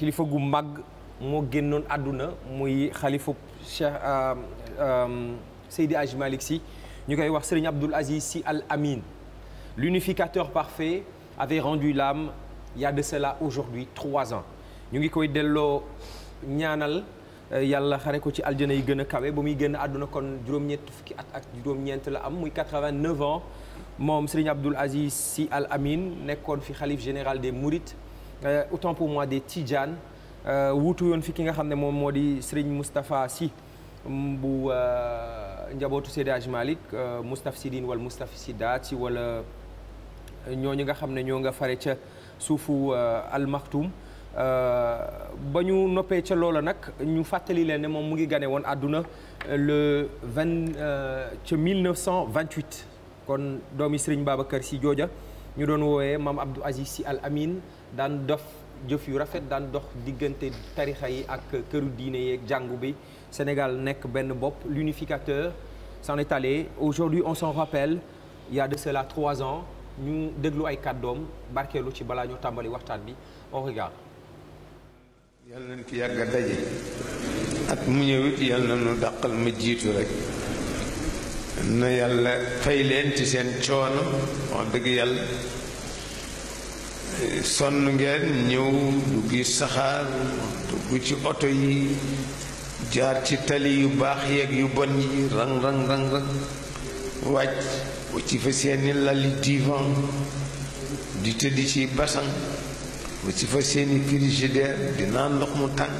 kilifa gu mag moo génnoon àdduna muy xalifu Cheikh euh, euh, Seydi Hadji Malick ñu koy wax Serigne Abdoul Aziz si Al Amin l'unificateur parfait avait rendu l'âme il y a de cela aujourd'hui trois ans ñu ngi koy delloo ñaanal euh, yàlla xare ko ci aljana yi gën a kawe ba muy génn àdduna kon juróom-ñett fukki at ak juróom-ñeent la am muy 89 ans moom Serigne Abdoul Aziz si Al Amin nekkoon fi xalif général des Mourides Euh, autant pour moi des Tidjane euh, wuutu yoon fi ki nga xam ne moom moo di Serigne Moustapha si mm, bu euh, njabootu Seydi Hadji Malick Moustafsidine wala Moustafsidaat si wala ñoo ñi nga xam ne ñoo nga fare ca suufu almakhtum ba ñu noppee ca loola nag ñu fàttali leen ne moom mu ngi gane woon àdduna le vingt ca 1928 kon doomi Serigne Babacar si jooja ñu doon woowee maam Abdou Aziz Sy Al Amin daan dof jëf yu rafet daan dox diggante tarixa yi ak këru diine yeeg jàngu bi senegal nekk benn bopp l'unificateur s'en est allé aujourd'hui on s'en rappelle il y a de cela trois ans ñu déglu ay kàddoom barkeelu ci balaa ñoo tàmbali waxtaan bi on regarde. yàlla nañ fi mu ñëwit yàlla nañu dàqal ma jiitu rek. na yàlla fay leen ci seen coono wax dëgg yàlla sonn ngeen ñëw duggi saxaar dugg ci oto yi jaar ci tali yu baax yeeg yu bon yi rang rang rang rang wàcc ci fa seeni lali divan di tëdd ci basan ci fa seeni frigidaire di naan ndox mu tàng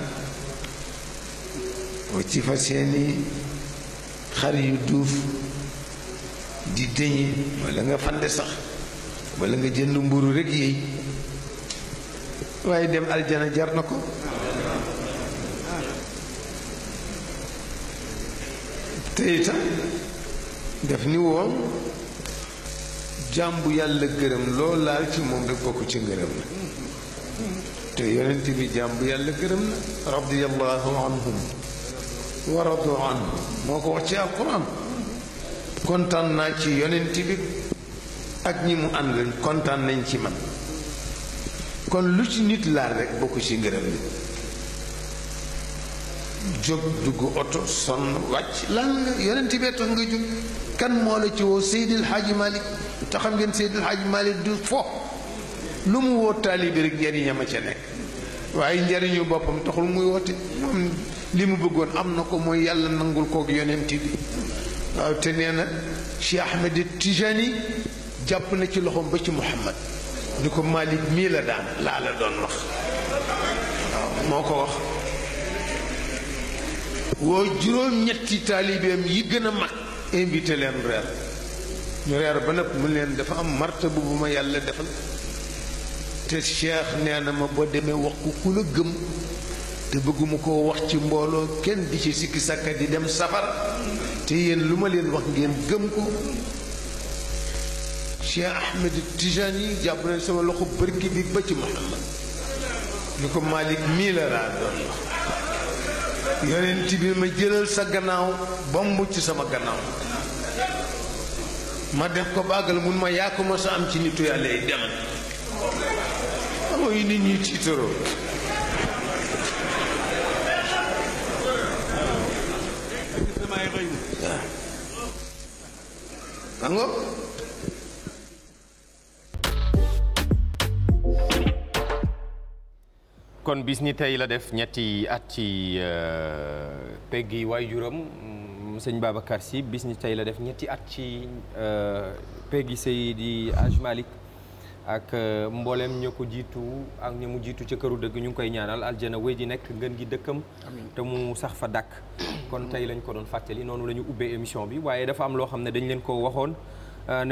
ci fa seeni xar yu duuf di dëñe walla nga fande sax walla nga jënd mburu rekk yéey waaye dem aljana jar na ko te itam daf ni woon jàmbu yàlla gërëm loo laal ci moom rekk bokk ci ngërëm la te yonent bi jàmbu yàlla gërëm na radiyallahu anhum wa radu moo ko wax ci alquran kontaan naa ci yonent bi ak ñi mu àndal kontaan nañ ci man kon lu ci nit laal rekk bokk ci ngërëm li jóg dugg oto sonn wàcc lan nga yonent bee tax nga jóg kan moo la ci woo Seydil Hadji Malick te xam ngeen Seydil Hadji Malick du fo lu mu woo taalibi rekk njariñam a ca nekk waaye njariñu boppam taxul muy woote moom li mu bëggoon am na ko mooy yàlla nangul kook yonent bi waaw te nee na Cheikh Ahmed Tijani jàpp na ci loxoom ba ci Muhammad ni ko Malik mii la daan laa la doon wax waaw moo ko wax woo juróom-ñetti taalibeem yi gën a mag invité leen reer ñu reer ba nag mu leen dafa am marta bu bu ma yàlla defal te Cheikh nee na ma boo demee wax ku ku gëm te bëgguma koo wax ci mbooloo kenn di ci sikki sàkka di dem safar te yéen lu ma leen wax ngeen gëm ko Cheikh Ahmed Tijani jàpp na sama loxo bërki bi ba ci Muhammad lu ko Malick mii la laa doon wax yonent bi ma jëlal sa gannaaw ba mu mucc sama gannaaw ma def ko bàggal mun ma yaa ko ma sa am ci nitu yàlla yi demal mooy nit ñuy tiitaroo kon bis ni tey la def ñetti at ci peggi euh, waajuram sëñ Babacar Sy bis ni tey la def ñetti at ci peggi euh, Seydi Aj Malick ak euh, mbooleem ñoo ko jiitu ak ña mu jiitu ca këru dëgg ñu ngi koy ñaanal aljana wéy ji nekk ngën gi dëkkam. te mu sax fa dàkk. kon tey lañ ko doon fàttali noonu la ñu ubbee émission bi waaye dafa am loo xam ne dañ leen ko waxoon. Euh,